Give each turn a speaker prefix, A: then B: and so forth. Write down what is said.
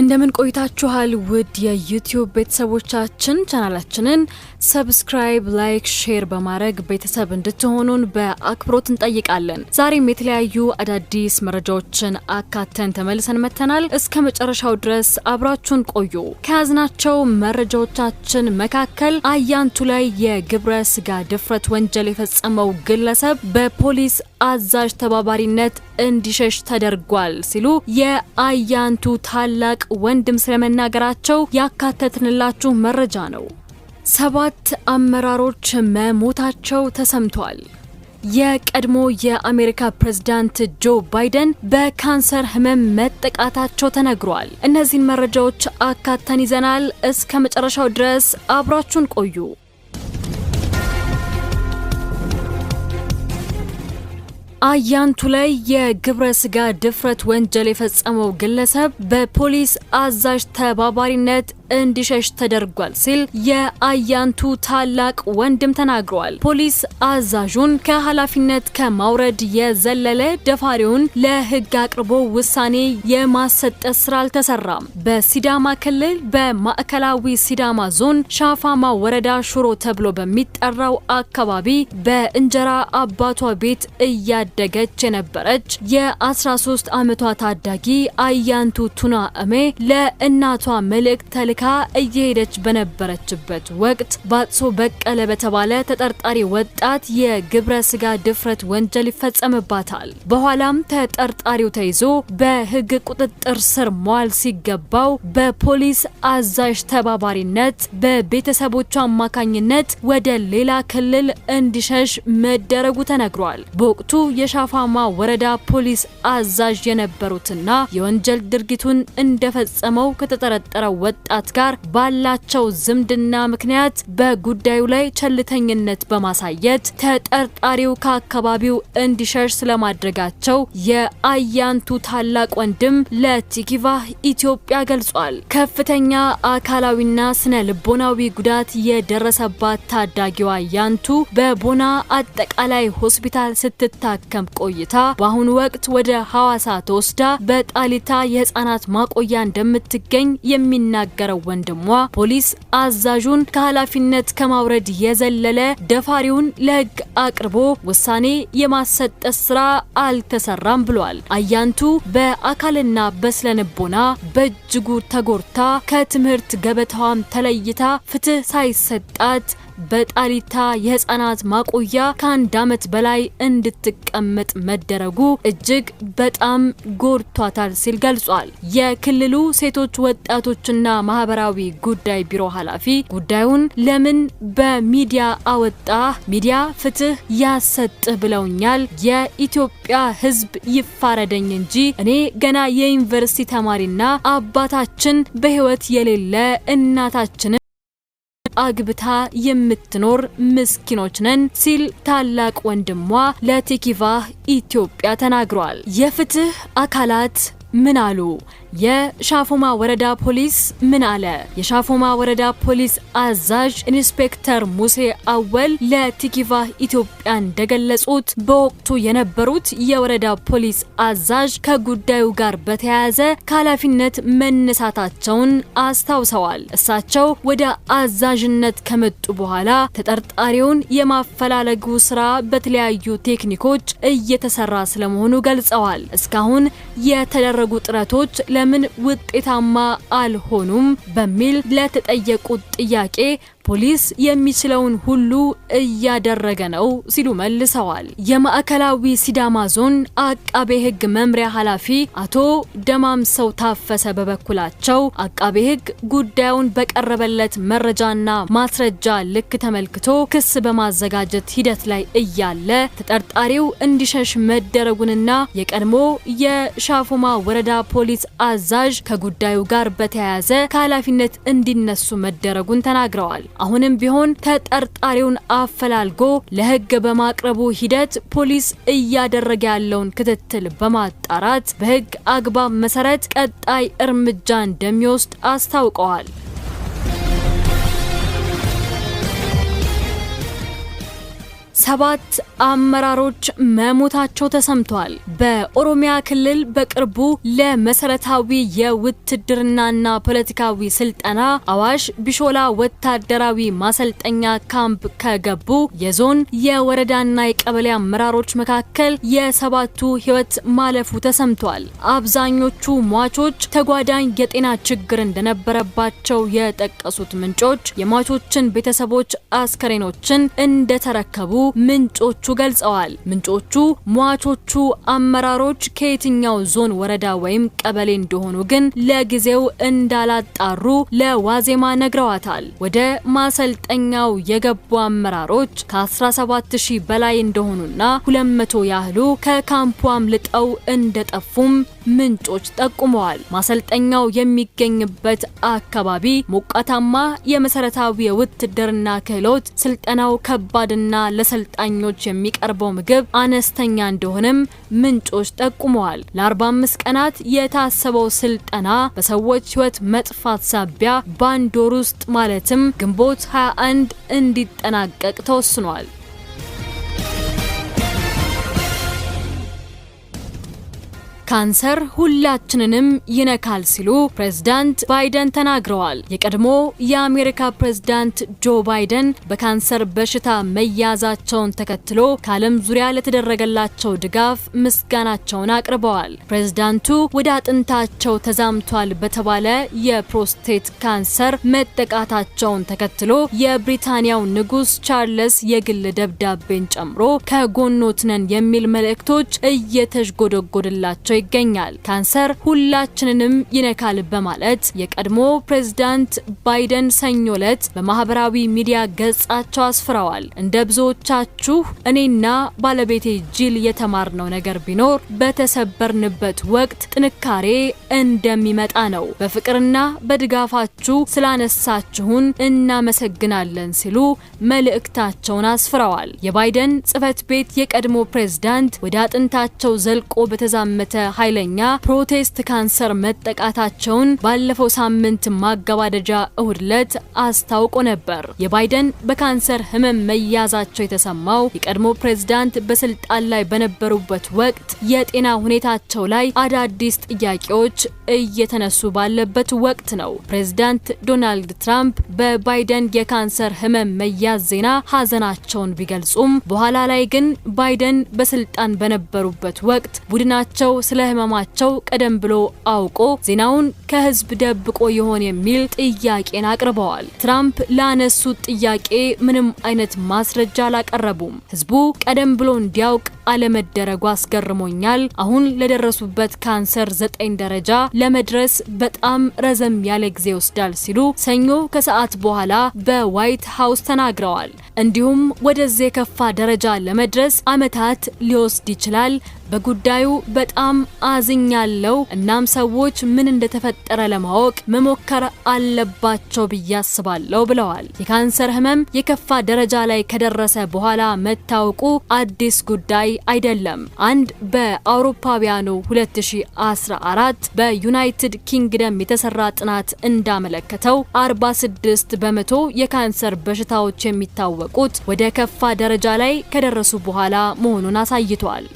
A: እንደምን ቆይታችኋል? ውድ የዩቲዩብ ቤተሰቦቻችን ቻናላችንን ሰብስክራይብ፣ ላይክ፣ ሼር በማድረግ ቤተሰብ እንድትሆኑን በአክብሮት እንጠይቃለን። ዛሬም የተለያዩ አዳዲስ መረጃዎችን አካተን ተመልሰን መጥተናል። እስከ መጨረሻው ድረስ አብራችሁን ቆዩ። ከያዝናቸው መረጃዎቻችን መካከል አያንቱ ላይ የግብረ ስጋ ድፍረት ወንጀል የፈጸመው ግለሰብ በፖሊስ አዛዥ ተባባሪነት እንዲሸሽ ተደርጓል ሲሉ የአያንቱ ታላቅ ወንድም ስለመናገራቸው ያካተትንላችሁ መረጃ ነው። ሰባት አመራሮች መሞታቸው ተሰምቷል። የቀድሞ የአሜሪካ ፕሬዝዳንት ጆ ባይደን በካንሰር ህመም መጠቃታቸው ተነግሯል። እነዚህን መረጃዎች አካተን ይዘናል። እስከ መጨረሻው ድረስ አብራችሁን ቆዩ። አያንቱ ላይ የግብረ ስጋ ድፍረት ወንጀል የፈጸመው ግለሰብ በፖሊስ አዛዥ ተባባሪነት እንዲሸሽ ተደርጓል ሲል የአያንቱ ታላቅ ወንድም ተናግረዋል። ፖሊስ አዛዡን ከኃላፊነት ከማውረድ የዘለለ ደፋሪውን ለሕግ አቅርቦ ውሳኔ የማሰጠት ስራ አልተሰራም። በሲዳማ ክልል በማዕከላዊ ሲዳማ ዞን ሻፋማ ወረዳ ሹሮ ተብሎ በሚጠራው አካባቢ በእንጀራ አባቷ ቤት እያደገች የነበረች የ13 ዓመቷ ታዳጊ አያንቱ ቱና እሜ ለእናቷ መልእክት ተል አሜሪካ እየሄደች በነበረችበት ወቅት ባጥሶ በቀለ በተባለ ተጠርጣሪ ወጣት የግብረ ስጋ ድፍረት ወንጀል ይፈጸምባታል። በኋላም ተጠርጣሪው ተይዞ በሕግ ቁጥጥር ስር መዋል ሲገባው በፖሊስ አዛዥ ተባባሪነት በቤተሰቦቹ አማካኝነት ወደ ሌላ ክልል እንዲሸሽ መደረጉ ተነግሯል። በወቅቱ የሻፋማ ወረዳ ፖሊስ አዛዥ የነበሩትና የወንጀል ድርጊቱን እንደፈጸመው ከተጠረጠረው ወጣት ሀገራት ጋር ባላቸው ዝምድና ምክንያት በጉዳዩ ላይ ቸልተኝነት በማሳየት ተጠርጣሪው ከአካባቢው እንዲሸሽ ስለማድረጋቸው የአያንቱ ታላቅ ወንድም ለቲኪቫህ ኢትዮጵያ ገልጿል። ከፍተኛ አካላዊና ስነ ልቦናዊ ጉዳት የደረሰባት ታዳጊዋ አያንቱ በቦና አጠቃላይ ሆስፒታል ስትታከም ቆይታ በአሁኑ ወቅት ወደ ሐዋሳ ተወስዳ በጣሊታ የህፃናት ማቆያ እንደምትገኝ የሚናገረው የነበረው ወንድሟ ፖሊስ አዛዡን ከኃላፊነት ከማውረድ የዘለለ ደፋሪውን ለህግ አቅርቦ ውሳኔ የማሰጠት ስራ አልተሰራም ብሏል። አያንቱ በአካልና በስለንቦና በእጅጉ ተጎድታ ከትምህርት ገበታዋም ተለይታ ፍትህ ሳይሰጣት በጣሊታ የህፃናት ማቆያ ከአንድ ዓመት በላይ እንድትቀመጥ መደረጉ እጅግ በጣም ጎድቷታል ሲል ገልጿል። የክልሉ ሴቶች ወጣቶችና ማህበራዊ ጉዳይ ቢሮ ኃላፊ ጉዳዩን ለምን በሚዲያ አወጣ? ሚዲያ ፍትህ ያሰጥህ ብለውኛል። የኢትዮጵያ ህዝብ ይፋረደኝ እንጂ እኔ ገና የዩኒቨርሲቲ ተማሪና አባታችን በህይወት የሌለ እናታችንን አግብታ የምትኖር ምስኪኖች ነን ሲል ታላቅ ወንድሟ ለቲኪቫህ ኢትዮጵያ ተናግሯል። የፍትህ አካላት ምን አሉ? የሻፎማ ወረዳ ፖሊስ ምን አለ? የሻፎማ ወረዳ ፖሊስ አዛዥ ኢንስፔክተር ሙሴ አወል ለቲኪቫህ ኢትዮጵያ እንደገለጹት በወቅቱ የነበሩት የወረዳ ፖሊስ አዛዥ ከጉዳዩ ጋር በተያያዘ ከኃላፊነት መነሳታቸውን አስታውሰዋል። እሳቸው ወደ አዛዥነት ከመጡ በኋላ ተጠርጣሪውን የማፈላለጉ ስራ በተለያዩ ቴክኒኮች እየተሰራ ስለመሆኑ ገልጸዋል። እስካሁን የተደረጉ ጥረቶች ለ ለምን ውጤታማ አልሆኑም በሚል ለተጠየቁት ጥያቄ ፖሊስ የሚችለውን ሁሉ እያደረገ ነው ሲሉ መልሰዋል። የማዕከላዊ ሲዳማ ዞን አቃቤ ሕግ መምሪያ ኃላፊ አቶ ደማምሰው ታፈሰ በበኩላቸው አቃቤ ሕግ ጉዳዩን በቀረበለት መረጃና ማስረጃ ልክ ተመልክቶ ክስ በማዘጋጀት ሂደት ላይ እያለ ተጠርጣሪው እንዲሸሽ መደረጉንና የቀድሞ የሻፎማ ወረዳ ፖሊስ አዛዥ ከጉዳዩ ጋር በተያያዘ ከኃላፊነት እንዲነሱ መደረጉን ተናግረዋል። አሁንም ቢሆን ተጠርጣሪውን አፈላልጎ ለህግ በማቅረቡ ሂደት ፖሊስ እያደረገ ያለውን ክትትል በማጣራት በህግ አግባብ መሰረት ቀጣይ እርምጃ እንደሚወስድ አስታውቀዋል። ሰባት አመራሮች መሞታቸው ተሰምቷል። በኦሮሚያ ክልል በቅርቡ ለመሰረታዊ የውትድርናና ፖለቲካዊ ስልጠና አዋሽ ቢሾላ ወታደራዊ ማሰልጠኛ ካምፕ ከገቡ የዞን የወረዳና የቀበሌ አመራሮች መካከል የሰባቱ ሕይወት ማለፉ ተሰምቷል። አብዛኞቹ ሟቾች ተጓዳኝ የጤና ችግር እንደነበረባቸው የጠቀሱት ምንጮች የሟቾችን ቤተሰቦች አስከሬኖችን እንደተረከቡ ምንጮቹ ገልጸዋል። ምንጮቹ ሟቾቹ አመራሮች ከየትኛው ዞን፣ ወረዳ ወይም ቀበሌ እንደሆኑ ግን ለጊዜው እንዳላጣሩ ለዋዜማ ነግረዋታል። ወደ ማሰልጠኛው የገቡ አመራሮች ከ17 ሺህ በላይ እንደሆኑና 200 ያህሉ ከካምፑ አምልጠው እንደጠፉም ምንጮች ጠቁመዋል። ማሰልጠኛው የሚገኝበት አካባቢ ሞቃታማ፣ የመሰረታዊ የውትድርና ክህሎት ስልጠናው ከባድና ለሰል አሰልጣኞች የሚቀርበው ምግብ አነስተኛ እንደሆነም ምንጮች ጠቁመዋል። ለ45 ቀናት የታሰበው ስልጠና በሰዎች ሕይወት መጥፋት ሳቢያ ባንድ ወር ውስጥ ማለትም ግንቦት 21 እንዲጠናቀቅ ተወስኗል። ካንሰር ሁላችንንም ይነካል ሲሉ ፕሬዝዳንት ባይደን ተናግረዋል። የቀድሞ የአሜሪካ ፕሬዝዳንት ጆ ባይደን በካንሰር በሽታ መያዛቸውን ተከትሎ ከዓለም ዙሪያ ለተደረገላቸው ድጋፍ ምስጋናቸውን አቅርበዋል። ፕሬዝዳንቱ ወደ አጥንታቸው ተዛምቷል በተባለ የፕሮስቴት ካንሰር መጠቃታቸውን ተከትሎ የብሪታንያው ንጉስ ቻርልስ የግል ደብዳቤን ጨምሮ ከጎኖትነን የሚል መልእክቶች እየተዥጎደጎደላቸው ይገኛል። ካንሰር ሁላችንንም ይነካል በማለት የቀድሞ ፕሬዝዳንት ባይደን ሰኞ ዕለት በማህበራዊ ሚዲያ ገጻቸው አስፍረዋል። እንደ ብዙዎቻችሁ እኔና ባለቤቴ ጂል የተማርነው ነገር ቢኖር በተሰበርንበት ወቅት ጥንካሬ እንደሚመጣ ነው። በፍቅርና በድጋፋችሁ ስላነሳችሁን እናመሰግናለን ሲሉ መልእክታቸውን አስፍረዋል። የባይደን ጽህፈት ቤት የቀድሞ ፕሬዝዳንት ወደ አጥንታቸው ዘልቆ በተዛመተ በኃይለኛ ፕሮቴስት ካንሰር መጠቃታቸውን ባለፈው ሳምንት ማገባደጃ እሁድ ዕለት አስታውቆ ነበር። የባይደን በካንሰር ህመም መያዛቸው የተሰማው የቀድሞ ፕሬዝዳንት በስልጣን ላይ በነበሩበት ወቅት የጤና ሁኔታቸው ላይ አዳዲስ ጥያቄዎች እየተነሱ ባለበት ወቅት ነው። ፕሬዝዳንት ዶናልድ ትራምፕ በባይደን የካንሰር ህመም መያዝ ዜና ሀዘናቸውን ቢገልጹም በኋላ ላይ ግን ባይደን በስልጣን በነበሩበት ወቅት ቡድናቸው ስለ ስለ ህመማቸው ቀደም ብሎ አውቆ ዜናውን ከህዝብ ደብቆ ይሆን የሚል ጥያቄን አቅርበዋል። ትራምፕ ላነሱት ጥያቄ ምንም አይነት ማስረጃ አላቀረቡም። ህዝቡ ቀደም ብሎ እንዲያውቅ አለመደረጉ አስገርሞኛል። አሁን ለደረሱበት ካንሰር ዘጠኝ ደረጃ ለመድረስ በጣም ረዘም ያለ ጊዜ ይወስዳል ሲሉ ሰኞ ከሰዓት በኋላ በዋይት ሀውስ ተናግረዋል። እንዲሁም ወደዚህ የከፋ ደረጃ ለመድረስ ዓመታት ሊወስድ ይችላል። በጉዳዩ በጣም አዝኛለው። እናም ሰዎች ምን እንደተፈጠረ ለማወቅ መሞከር አለባቸው ብዬ አስባለሁ ብለዋል። የካንሰር ህመም የከፋ ደረጃ ላይ ከደረሰ በኋላ መታወቁ አዲስ ጉዳይ አይደለም። አንድ በአውሮፓውያኑ 2014 በዩናይትድ ኪንግደም የተሰራ ጥናት እንዳመለከተው 46 በመቶ የካንሰር በሽታዎች የሚታወቁት ወደ ከፋ ደረጃ ላይ ከደረሱ በኋላ መሆኑን አሳይቷል።